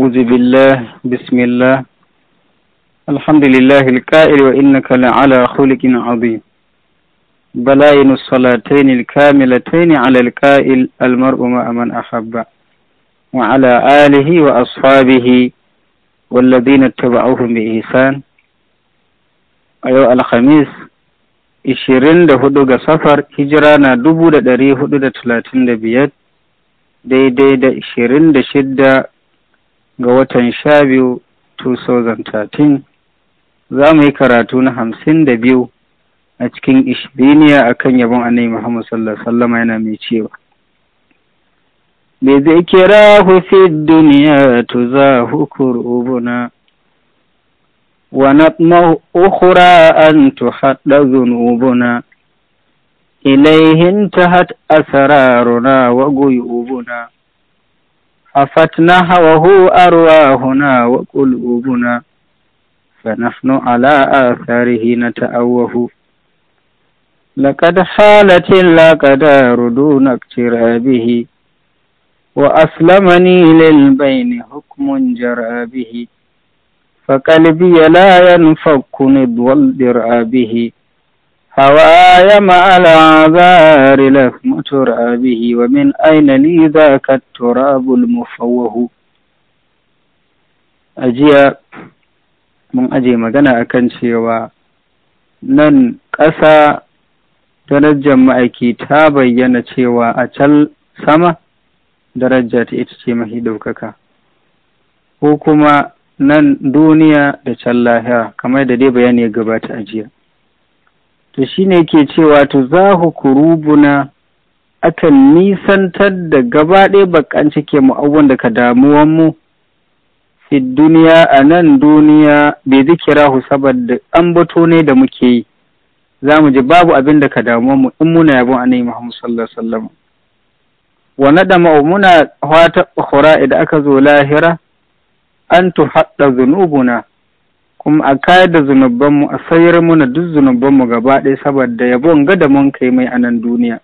أعوذ بالله بسم الله الحمد لله الكائل وإنك لعلى خلق عظيم بلاين الصلاتين الكاملتين على الكائل المرء مع من أحب وعلى آله وأصحابه والذين اتبعوهم بإحسان أيها الخميس 24 ga safar hijira na 1435 daidai da 26 ga watan sha biyu 2013 za mu yi karatu na hamsin da biyu a cikin ishbiniya a kan yabon annabi Muhammad sallallahu Alaihi wasallama yana mai cewa kira fi duniya tu za ubuna wa na ukura an tu haɗa zunubuna ilaihin hinta hat asararuna wa goyi ubuna أفتناه وهو أرواهنا وقلوبنا فنحن على آثاره نتأوه لقد حالت الأقدار دون اقترابه وأسلمني للبين حكم جرى به فقلبي لا ينفك نضو الدرع به هواي مع العذار لكم ترابه ومن أين لي ذاك التراب المفوه أجيا mun aje magana akan cewa nan ƙasa darajar ma'aiki ta bayyana cewa a can sama daraja ta ita ce mafi ɗaukaka ko kuma nan duniya da can lahira kamar da dai bayani ya gabata a jiya to ne ke cewa to zahu kurubuna akan nisantar da gaba ɗaya bakan cike mu da ka damuwan mu fi duniya a nan duniya bai zikirahu saboda ambato ne da muke yi za mu ji babu abin da ka damuwan mu in muna yabon annabi Muhammad sallallahu alaihi wasallam wa nadama muna hata khura idan aka zo lahira an tuhaɗa zunubuna kuma a kayar da zunubanmu a sayar mana duk zunubanmu gaba ɗaya saboda yabon gada mun kai mai anan duniya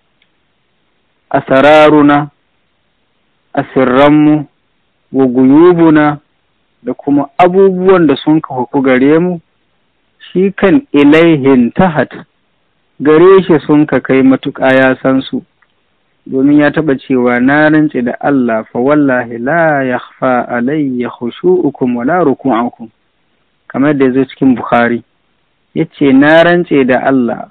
a sararuna a sirranmu wa guyubuna da kuma abubuwan da sun ka gare mu shi kan ilaihin tahat gare shi sun ka kai matuƙa ya san su domin ya taɓa cewa na rance da Allah fa wallahi la yakhfa alayya khushu'ukum wala ruku'ukum kamar da ya zo cikin Bukhari, ya ce, Na rantse da Allah,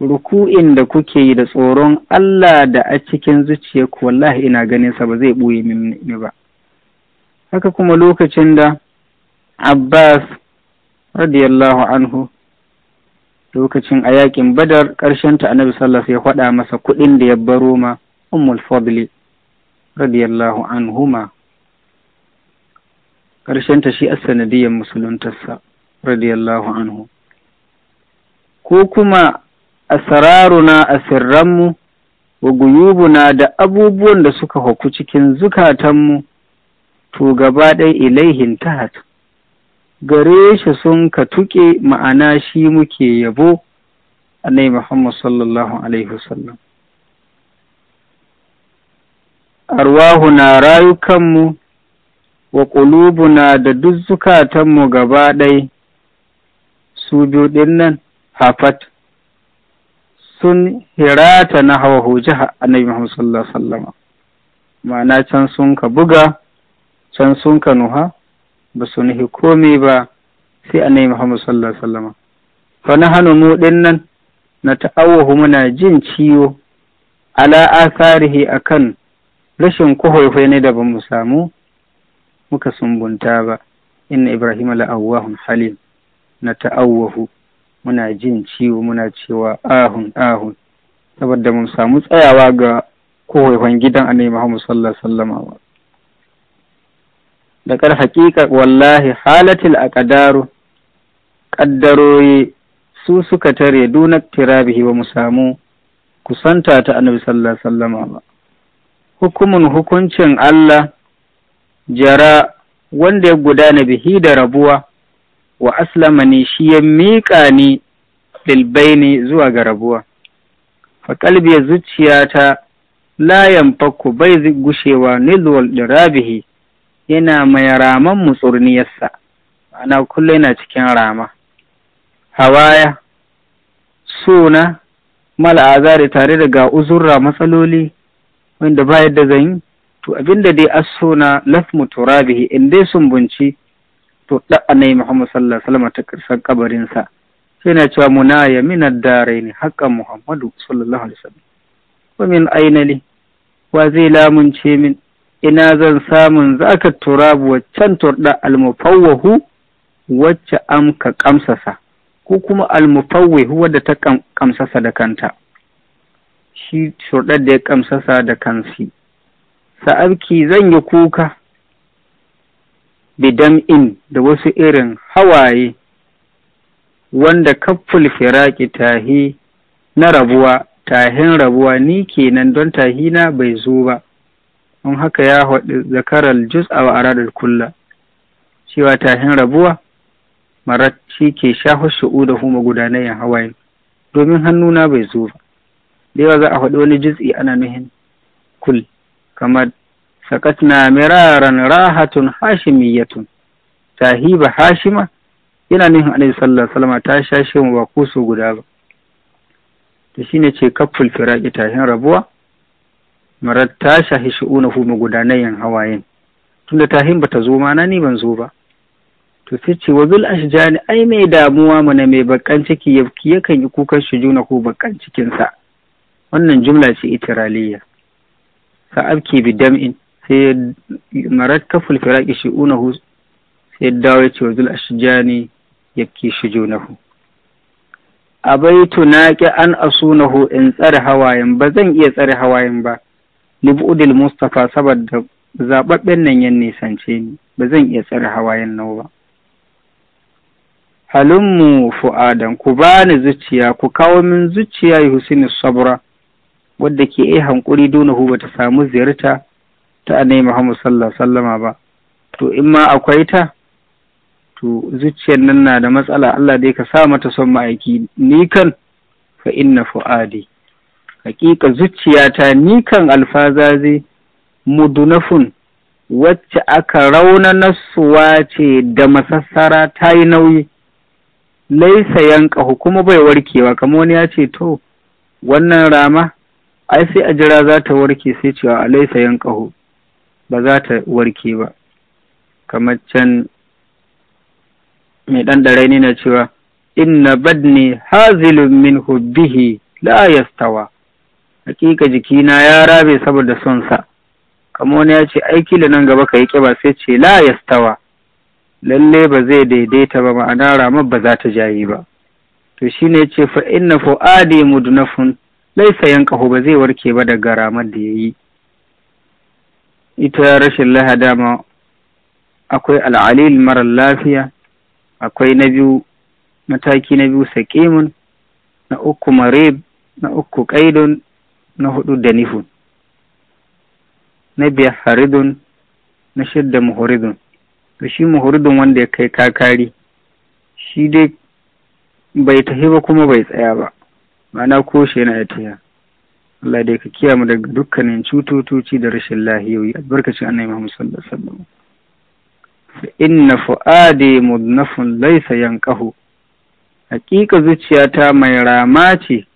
ruku'in da kuke yi da tsoron Allah da a cikin zuciyarku wallahi ina ganin sa ba zai ɓoye ni ba. Haka kuma lokacin da Abbas radiyallahu anhu lokacin a yakin badar ƙarshenta annabi sallallahu ya faɗa masa kuɗin da ya baro ma ummul fadli radiyallahu anhuma ta shi sanadiyar musuluntarsa radiyallahu anhu ko kuma a a sirranmu wa guyubuna da abubuwan da suka haku cikin zukatanmu to gaba ɗaya ilaihin tahat gare shi sun ka tuƙe ma'ana shi muke yabo annai muhammad sallallahu alaihi wasallam arwahuna rayukanmu wa ƙulubuna da duk zukatanmu gaba ɗai su biyu ɗin nan hafat sun hirata na hawa hujja annabi Muhammad sallallahu alaihi wasallam ma'ana can sun ka buga can sun ka nuha ba su nuhi komai ba sai annabi Muhammad sallallahu alaihi wasallam fa na hanu mu nan na ta'awahu muna jin ciwo ala asarihi akan rashin kuhoifai ne da ba mu samu muka sumbunta ba inna ibrahim la'awahun halim na ta'awahu muna jin ciwo muna cewa ahun ahun saboda mun samu tsayawa ga kowaifan gidan annabi Muhammad sallallahu sallama ba. da kar hakika wallahi halatil aqdaru kaddaroyi su suka tare duna tirabihi ba mu samu kusanta ta annabi sallallahu sallama ba hukumin hukuncin Allah jara wanda ya gudana bihi da rabuwa wa aslama ne shi ya miƙa ni ne zuwa ga rabuwa fa kalbiya zuciyata layan fakku bai gushewa nilwal dirabihi yana mai raman mutsurniyarsa, ana kullum yana cikin rama hawaya suna mala azari tare da ga uzurra matsaloli wanda ba yadda zan yi to abinda dai assona lafmu turabihi in dai bunci to da annabi Muhammad sallallahu alaihi wasallam ta karsan kabarin sa sai na cewa munaya min ad-darain haqqan Muhammadu sallallahu alaihi wasallam wa min ainali wa zai lamunce min ina zan samun zaka turabu waccan turda al-mufawwahu wacce amka kamsasa ko kuma al-mufawwahu wadda ta kamsasa da kanta shi turɗar da ya kamsasa da kansi sa'abki zan yi kuka bidam in da wasu irin hawaye wanda kafful firaki tahi na rabuwa tahin rabuwa ni kenan don tahina bai zo ba don haka ya haɗu zakarar juz a aradul kulla cewa tahin rabuwa marat shi ke shafa shu'u da huma gudanayen hawaye domin hannuna bai zo ba da yawa za a haɗu wani juz'i ana nuhin kul kamar sakatna miraran rahatun hashimiyatun sahiba hashima yana nufin alaihi sallallahu salama ta sha shi ba kusu guda ba to shine ce kaful firaki tahin rabuwa marar ta sha shahi shi'unahu magudanayin hawayen tunda tahin bata zo ma na ni ban zo ba to sai ce wa bil ashjani ai mai damuwa mu na mai bakan ciki yakan yi kukan juna ko bakan cikinsa wannan jumla ce itiraliyya ka bi dam'in sai marat kaful firaki shi unahu sai dawo ya ce wa zul ashjani yabki shujunahu abaitu naqi an asunahu in tsare hawayen ba zan iya tsare hawayen ba libudil mustafa saboda zababben nan yan nisance ni ba zan iya tsare hawayen nau ba halummu fu'adan ku bani zuciya ku kawo min zuciya yi husini sabra wadda ke iya hankuri donahu bata samu ziyarta ta annabi Muhammad sallallahu wasallama ba to in ma akwai ta to zuciyar nan na da matsala Allah dai ka sa mata son ma'aiki ni kan fa inna fu'adi hakika zuciyata ni kan alfazazi mudunafun wacce aka rauna nasuwa ce da masassara ta yi nauyi laisa yanka kuma bai warkewa kamar wani ya ce to wannan rama ai sai a jira za ta warke sai cewa alaisa yan ƙaho ba za ta warke ba kamar can mai ɗan ɗarai ne na cewa inna badni hazilun min hubbihi la yastawa hakika jikina ya rabe saboda son sa kamar wani ya ce aiki da nan gaba ka yi ƙiba sai ce la yastawa lalle ba zai daidaita ba ma'ana ramar ba za ta jayi ba to shine ce fa inna fu'adi mudnafun laisa ƙaho ba zai warke ba daga ramar da ya yi ita rashin lahada dama akwai al'alil marar lafiya akwai na biyu mataki na biyu saƙimun na uku marib na uku ƙaidun na hudu danifun na biyar haridun na shidda muhuridun to shi muhuridun wanda ya kai kakari shi dai bai tafi ba kuma bai tsaya ba ma'ana ko shi yana ya taya Allah dai ka mu daga dukkanin cututuci da rashin lahiyoyi albarkacin annabi Muhammad sallallahu alaihi wasallam fa inna fu'adi mudnafun laysa yanqahu hakika zuciyata mai rama ce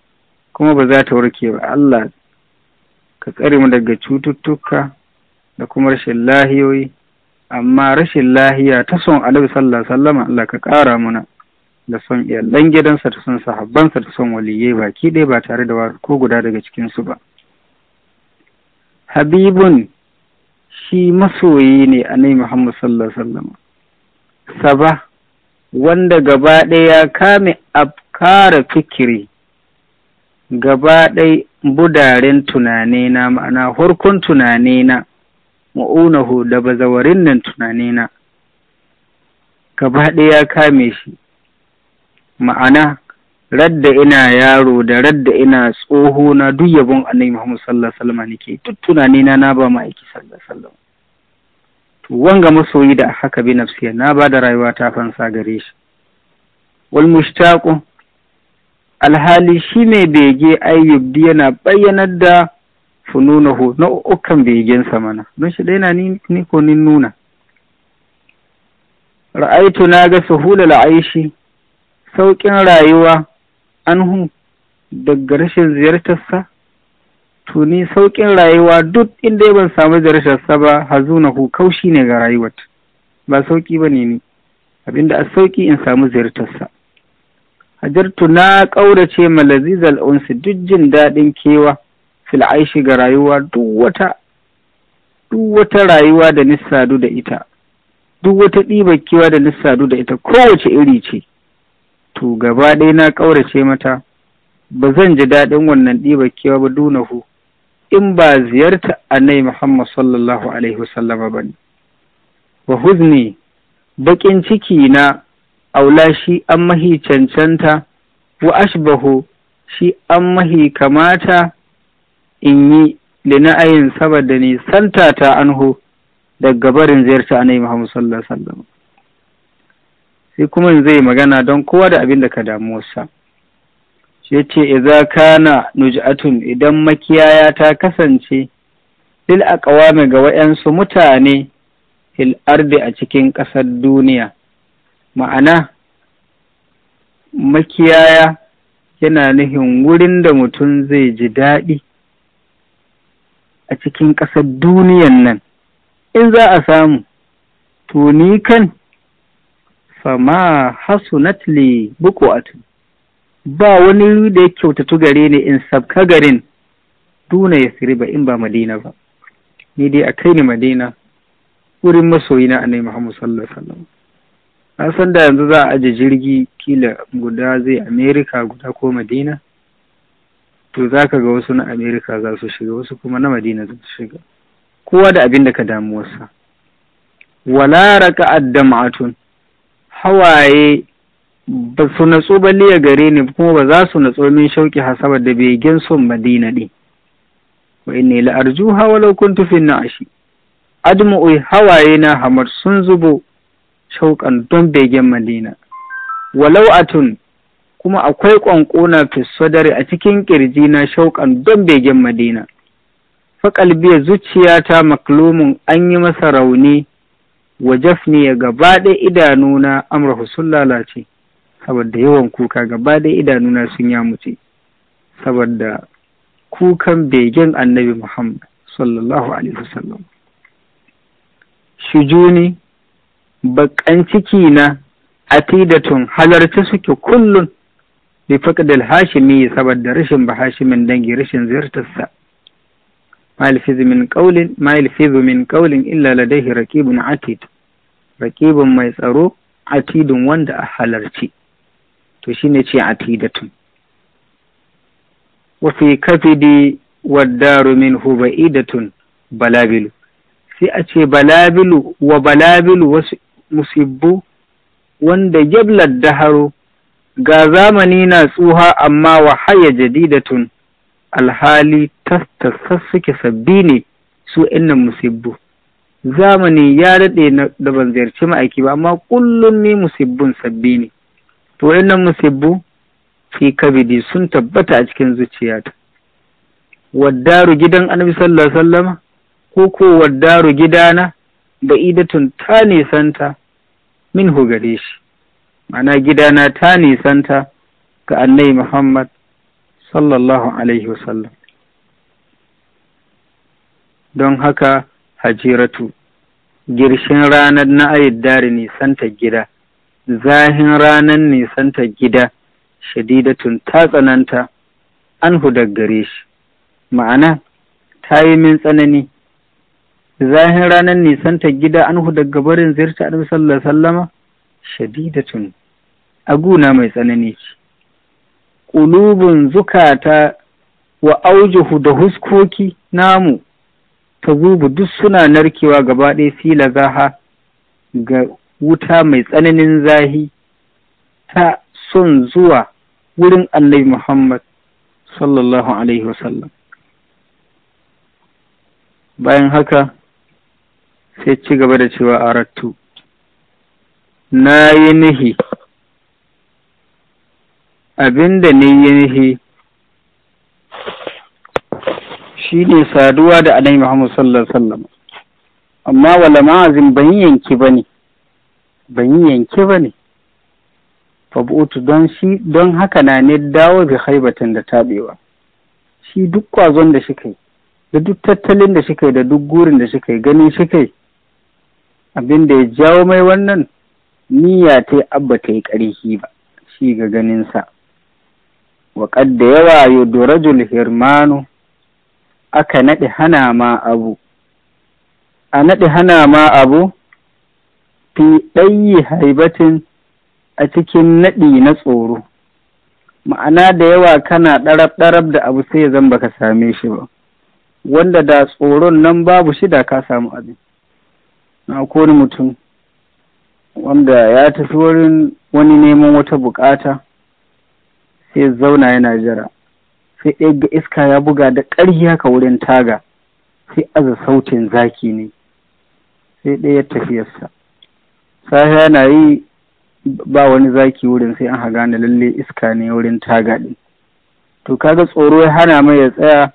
kuma ba za ta warke ba Allah ka tsare mu daga cututtuka da kuma rashin lahiyoyi amma rashin lahiya ta son Annabi sallallahu alaihi wasallam Allah ka ƙara muna da son iyalan gidansa da son sahabbansa da son waliyai baki ɗaya ba tare da wari ko guda daga cikinsu ba. Habibun shi masoyi ne a nai Muhammad sallallahu Alaihi Saba wanda gaba ɗaya kame afkara fikiri gaba ɗai budaren tunanena ma'ana horkon tunanina, ma'unahu da bazawarin nan na, gaba ɗaya kame shi ma'ana radda ina yaro da radda ina tsoho na duk yabon annabi Muhammad sallallahu alaihi wasallam nake duk tunani na na ba aiki sallallahu alaihi to wanga masoyi da haka bi nafsiya na ba da rayuwa ta fansa gare shi wal mushtaqu alhali shi ne bege ayyub yana bayyanar da fununahu na ukan sa mana don shi dai na ni ko nin nuna ra'aitu na ga suhulal aishi sauƙin rayuwa an anhu daga rashin ziyartarsa? Tuni sauƙin rayuwa duk inda ban samu ziyartarsa ba hazunahu kaushi ne ga rayuwar. Ba sauƙi ba ne ni, abinda a sauƙi in samu ziyartarsa. Hajartu na ƙaurace ma lazizal duk jin daɗin kewa fil aishi ga rayuwa duk wata rayuwa da nissadu da ita duk wata ɗibar kewa da nissadu da ita kowace iri ce to gaba ɗaya na ƙaurace mata ba zan ji daɗin wannan ɗiba kewa ba dunahu in ba ziyarta nai Muhammad sallallahu alaihi wasallama ba ne. Wa huzni baƙin ciki na aula shi an mahi cancanta wa ashbahu shi an mahi kamata in yi da na'ayin saboda ne santa ta anhu, daga barin ziyarta nai Muhammad sallallahu alaihi wasallama. sai kuma yanzu zai magana don kowa da abin da ka damu wasa. shi ce "Iza kana nuj'atun idan makiyaya ta kasance lil aqwami ga wayansu mutane fil a cikin ƙasar duniya ma'ana makiyaya yana nufin wurin da mutum zai ji daɗi a cikin ƙasar duniyan nan in za a samu to ni kan fama hasunatli buku'atu ba wani da ya kyautatu gare ni in sabka garin duna ya siri ba in ba madina ba ni dai a kai ni madina wurin masoyina annabi muhammad sallallahu alaihi wasallam na san da yanzu za a aje jirgi kila guda zai america guda ko madina to za ka ga wasu na america za su shiga wasu kuma na madina za su shiga kowa da abin da ka wasa wala raka'ad dam'atun hawaye ba su natsu ba liya gare ni kuma ba za su natsu min shauki hasaba da begen son madina ɗin wa inni la arjuha walau kuntu fi na'ashi admu'i hawaye na hamar sun zubo shauƙan don begen madina walau atun kuma akwai ƙwanƙona sadari a cikin ƙirji na shauƙan don begen madina faƙalbiya zuciyata maklumun an yi masa rauni wa ya gaba ɗaya idanuna amrahu sun lalace saboda yawan kuka gaba ɗaya idanuna sun ya yamuce saboda kukan begen annabi muhammad sallallahu alaihi wasallam shujuni bakan ciki na atidatun halarci suke kullum bi faqdil hashimi saboda rashin bahashimin dangi rashin ziyartarsa ما يلفظ من قول ما يلفظ من قول إلا mai tsaro atidun wanda a halarci to shine ce atidatun wa fi kafidi waddaru minhu balabilu sai a ce balabilu wa balabilu wasu musibbu wanda jablar haro. ga zamani na tsuha amma wa haya jadidatun alhali tastasas suke sabbi ne su innan musibbu zamani ya daɗe da ban ziyarci ma'aiki ba amma kullum ni musibbun sabbi ne to wayannan musibbu fi kabidi sun tabbata a cikin zuciyata waddaru gidan annabi sallallahu alaihi wasallam ko ko waddaru gidana da idatun ta nisanta min gare shi ma'ana gidana ta nisanta ga annai muhammad sallallahu alaihi wasallam don haka hajiratu girshin ranar na ayyadari nisanta gida zahin ranar nisanta gida shadidatun ta tsananta an hudar gare shi ma'ana ta yi min tsanani zahin ranar nisanta gida an hudar gabarin zirta a sallallahu alaihi wasallama shadidatun aguna mai tsanani ce ƙulubin zukata wa aujuhu da huskoki namu ta zubu duk suna narkewa gaba ɗaya fila zaha ga wuta mai tsananin zahi ta son zuwa wurin annabi Muhammad sallallahu Alaihi wasallam. Bayan haka sai ci gaba da cewa a rattu, na yi nihi abin da ni yi nihi shi ne saduwa da alai Muhammad sallallahu wasallam amma wala ma'azin ban yanki ba ne ban yanki ba ne fabutu don don haka na ne dawo bi haibatin da taɓewa shi duk kwazon da shi kai da duk tattalin da shi kai da duk gurin da shi kai ganin shi kai abin da ya jawo mai wannan niyya ta yi abba ta yi ƙarfi ba shi ga ganinsa Waƙar da yawa yudurajul hirmanu aka naɗi hana ma abu a naɗi hana ma abu fi ɗayi haibatin a cikin naɗi na tsoro ma'ana da yawa kana ɗarab-ɗarab da abu sai zan baka same shi ba wanda da tsoron nan babu shi da ka samu abin na kone mutum wanda ya tafi wurin wani neman wata bukata sai ya zauna yana jira sai ɗaya ga iska ya buga da ƙarfi haka wurin taga sai aza sautin zaki ne sai ɗaya tafiyarsa safiya na yi ba wani zaki wurin sai an haga na lalle iska ne wurin taga ɗin to kaga tsoro ya hana mai ya tsaya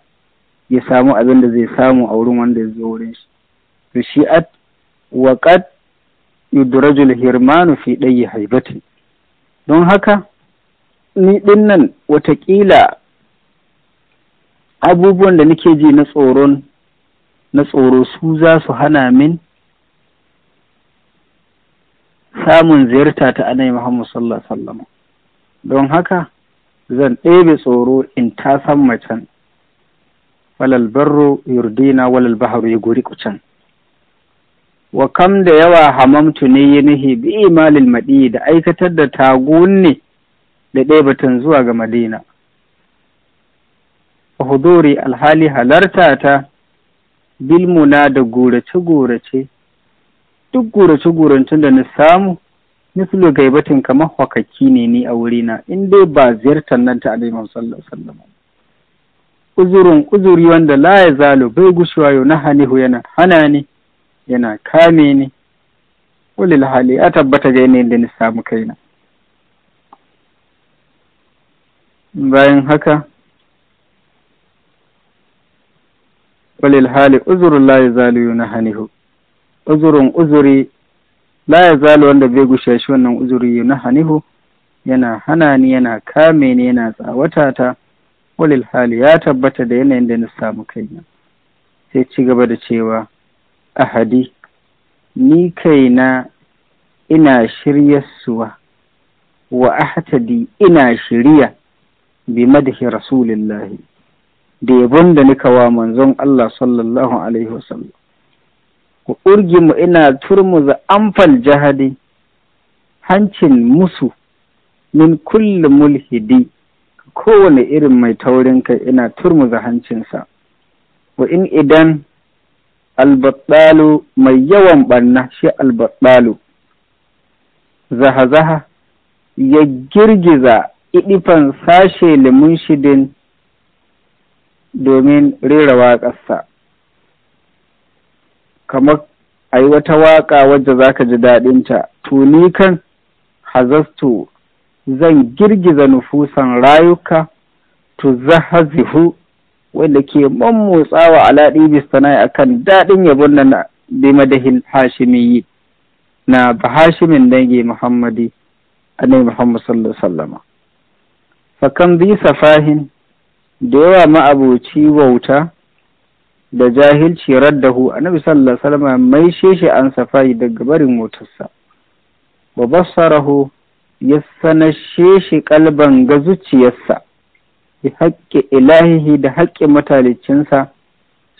ya samu abin da zai samu a wurin wanda ya zo wurin shi to shi at waqad yudrajul hirmanu fi ɗayi haibati don haka ni ɗin nan watakila abubuwan da nake ji na tsoron na tsoro su za su hana min samun ziyarta ta anai Muhammad sallallahu alaihi don haka zan ɗebe tsoro in ta san macen falal barro yurdina walal baharu ya guri kucan wa kam da yawa hamamtu ne ya nihi bi imalil maɗi da aikatar da tagun ne da ɗebatan zuwa ga madina a huduri alhali halarta ta bilmuna da gorace-gorace duk gorace-gorancen da na samu mislu gaibatin kamar hakaki ne ni a wurina in dai ba ziyartar nan ta alaihi sallallahu uzurin uzuri wanda la ya zalo bai gushuwa yau na hanihu yana hana ni yana kame ni Wani lahali a tabbata ga yanayin da ni samu kaina bayan haka walil hali uzurun la yazalu na hanihu uzurun uzuri la zalu wanda bai gushe shi wannan uzuri na hanihu yana hana ni yana kame ni yana tsawata ta walil hali ya tabbata da yanayin da na samu kaina sai ci gaba da cewa ahadi ni kaina ina shirya suwa wa ahadi ina shirya bi madhi rasulillahi da yabon da nika wa manzon Allah sallallahu alaihi wasallam ku urgi mu ina turmuza amfal jahadi hancin musu min kulli mulhidi kowane irin mai taurin kai ina turmuza hancinsa wa in idan albaɗalo mai yawan ɓanna shi albaɗalo zaha-zaha ya girgiza idifan sashe limun shidin domin rera waƙarsa kamar a yi wata waƙa wadda za ka ji daɗinta tuni kan hazastu zan girgiza nufusan rayuka tu zahazihu wanda ke mammotsawa alaɗi bistanai kan daɗin yabon na da madahin hashimiyi na bahashimin dangi muhammadi annabi muhammad sallallahu alaihi wasallama fakan bi safahin da yawa ma'abuci wauta da jahilci raddahu annabi sallallahu alaihi wasallam mai sheshe an safahi daga barin motarsa wa basarahu ya sanashe shi kalban ga zuciyarsa bi haƙƙi ilahihi da haƙƙin matalicinsa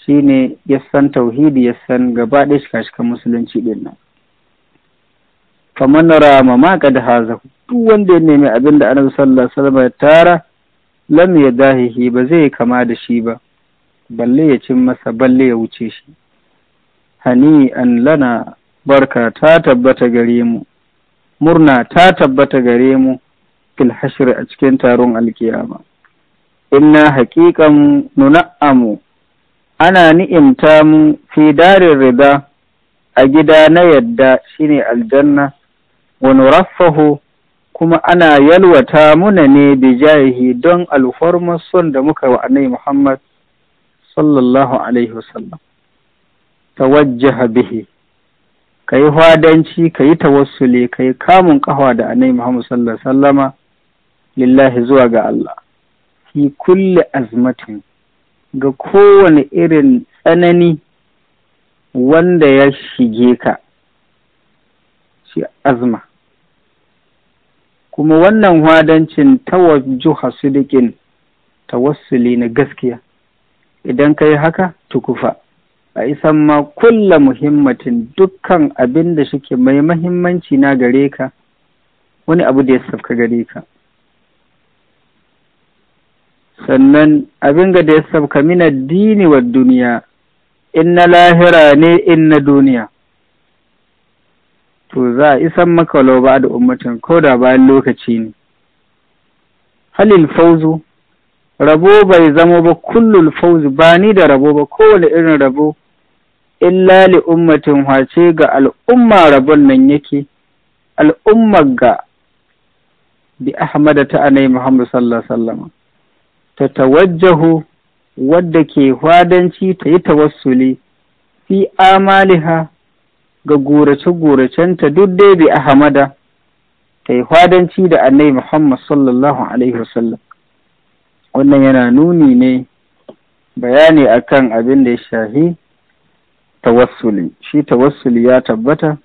shine ya san tauhidi ya san gaba ɗaya shika musulunci ɗin nan famanara ma ma da hazahu duk wanda ya nemi abin da annabi sallallahu alaihi wasallam ya tara lam ya dahihi ba zai kama da shi ba balle ya cin masa balle ya wuce shi hani an lana barka ta tabbata gare mu murna ta tabbata gare mu fil hashir a cikin taron alkiyama inna haƙiƙan nuna'amu ana ni'imta mu fi darin rida a gida na yadda shine aljanna wani raffahu kuma ana yalwata muna ne bi jahihi don alfarmar son da muka wa annabi Muhammad sallallahu alaihi wasallam tawajjaha bihi kai hwadanci kai tawassuli kai kamun kawa da annabi Muhammad sallallahu alaihi wasallama lillahi zuwa ga Allah fi kulli azmatin ga kowane irin tsanani wanda ya shige ka shi azma kuma wannan wadancin tawajjuha sidikin tawassuli na gaskiya idan ka yi haka tukufa a isan ma kulla muhimmatin dukkan abin da shike mai mahimmanci na gare ka wani abu da ya safka gare ka sannan abin ga da ya safka min addini wa duniya in na lahira ne in na duniya to za a isan maka walau ba da ummatin ko da bayan lokaci ne halil fauzu rabo bai zamo ba kullul fauzu ba ni da rabo ba kowane irin rabo illa li ummatin wace ga al'umma rabon nan yake al'umma ga bi Ahmadu ta anai Muhammadu sallallahu sallama ta tawajjahu wadda ke hwadanci ta yi tawassuli fi amaliha ga gurace-guracenta duk dai bi Ahmada ta yi kwadanci da annai Muhammad sallallahu Alaihi wasallam. Wannan yana nuni ne bayani akan abin da ya shahi tawassuli. Shi tawassuli ya tabbata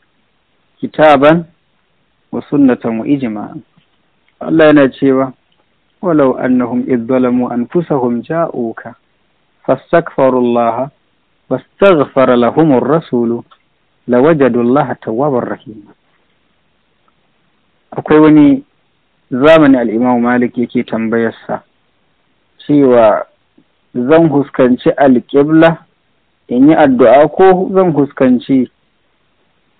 kitaban wa sunnatan wa ijima Allah yana cewa walau annahum idh anfusahum ja'uka fastaghfirullaha wastaghfara lahumur rasulu lawajadu Allah tawwabar rahim akwai wani zamani al'imamu malik yake tambayarsa cewa zan huskanci alƙibla in yi addu'a ko zan huskanci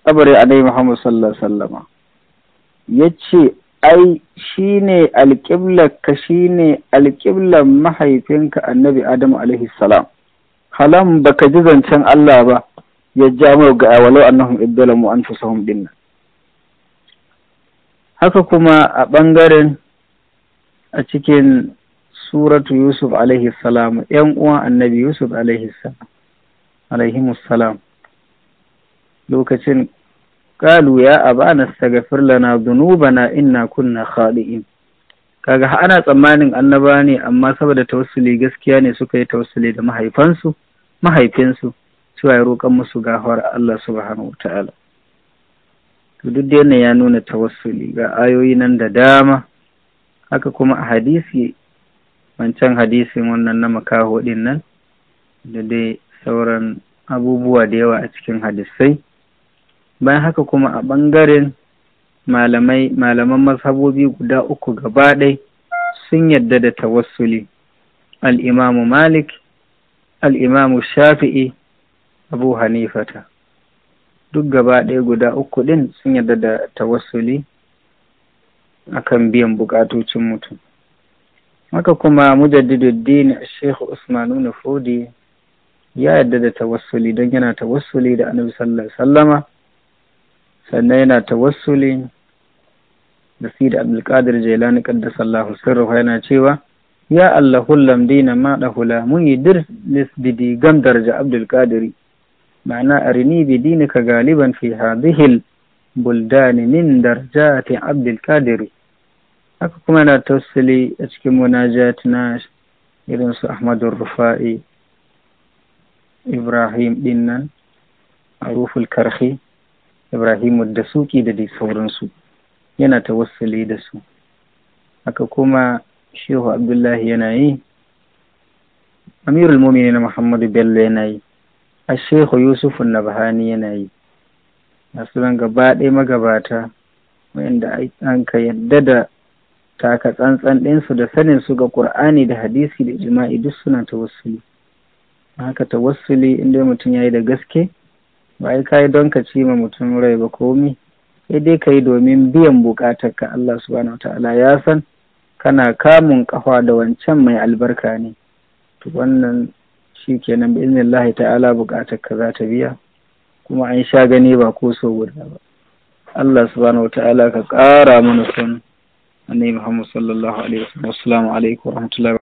tsabar annabi Muhammad sallallahu alaihi ya ce ai shi ne ka shi ne alƙiblar mahaifinka annabi Adamu alaihi salam halam baka ji zancen Allah ba yajjamu ga walau annahum iddalamu anfusahum dinna haka kuma a ɓangaren a cikin suratu yusuf alaihi salam yan uwa annabi yusuf alaihi salam lokacin kalu ya abana astaghfir lana dhunubana inna kunna khali'in kaga ana tsammanin annaba ne amma saboda tawassuli gaskiya ne suka yi tawassuli da mahaifansu mahaifinsu cewa ya roƙon musu gafar Allah subhanahu ta'ala to duk da ya nuna tawassuli ga ayoyi nan da dama haka kuma a hadisi wancan hadisin wannan na makaho ɗin nan da dai sauran abubuwa da yawa a cikin hadisai bayan haka kuma a ɓangaren malamai malaman mazhabobi guda uku gaba ɗai sun yadda da tawassuli al'imamu malik al'imamu shafi'i abu hanifata duk gaba ɗaya guda uku ɗin sun yarda da tawassuli akan biyan buƙatocin mutum haka kuma mujaddiduddin shehu usmanu nufodi ya yarda da tawassuli don yana tawassuli da annabi sallallahu sallama sannan yana tawassuli da si da abdulkadir jailani kaddasallahu sirruhu yana cewa ya allahu lamdina ma dahula mun yidir lisbidi gam darja abdulkadiri ma'ana arini bi dinika galiban fi hadhihi buldani min darajati abdul qadir haka kuma yana tausali a cikin munajat na irin su Ahmadu rufa'i ibrahim dinnan aruful karhi ibrahimu da suki da dai sauransu yana tawassuli da su haka kuma shehu abdullahi yana yi amirul mumini na muhammadu bello yana yi a shehu na nabhani yana yi masu ran gaba ɗaya magabata wayanda an ka yadda da taka tsantsan ɗinsu da sanin su ga ƙur'ani da hadisi da jima'i duk suna ta tawassuli haka ta wasuli inda mutum ya yi da gaske ba ai kayi don ka ci ma mutum rai ba komi sai dai ka yi domin biyan buƙatar ka Allah subhanahu wa ta'ala ya san kana kamun ƙafa da wancan mai albarka ne to wannan shi kenan bi iznillahi ta'ala buƙatar ka za ta biya kuma an sha gani ba ko so guda ba Allah subhanahu wa ta'ala ka ƙara mana son annabi Muhammad sallallahu alaihi wasallam assalamu alaikum wa rahmatullahi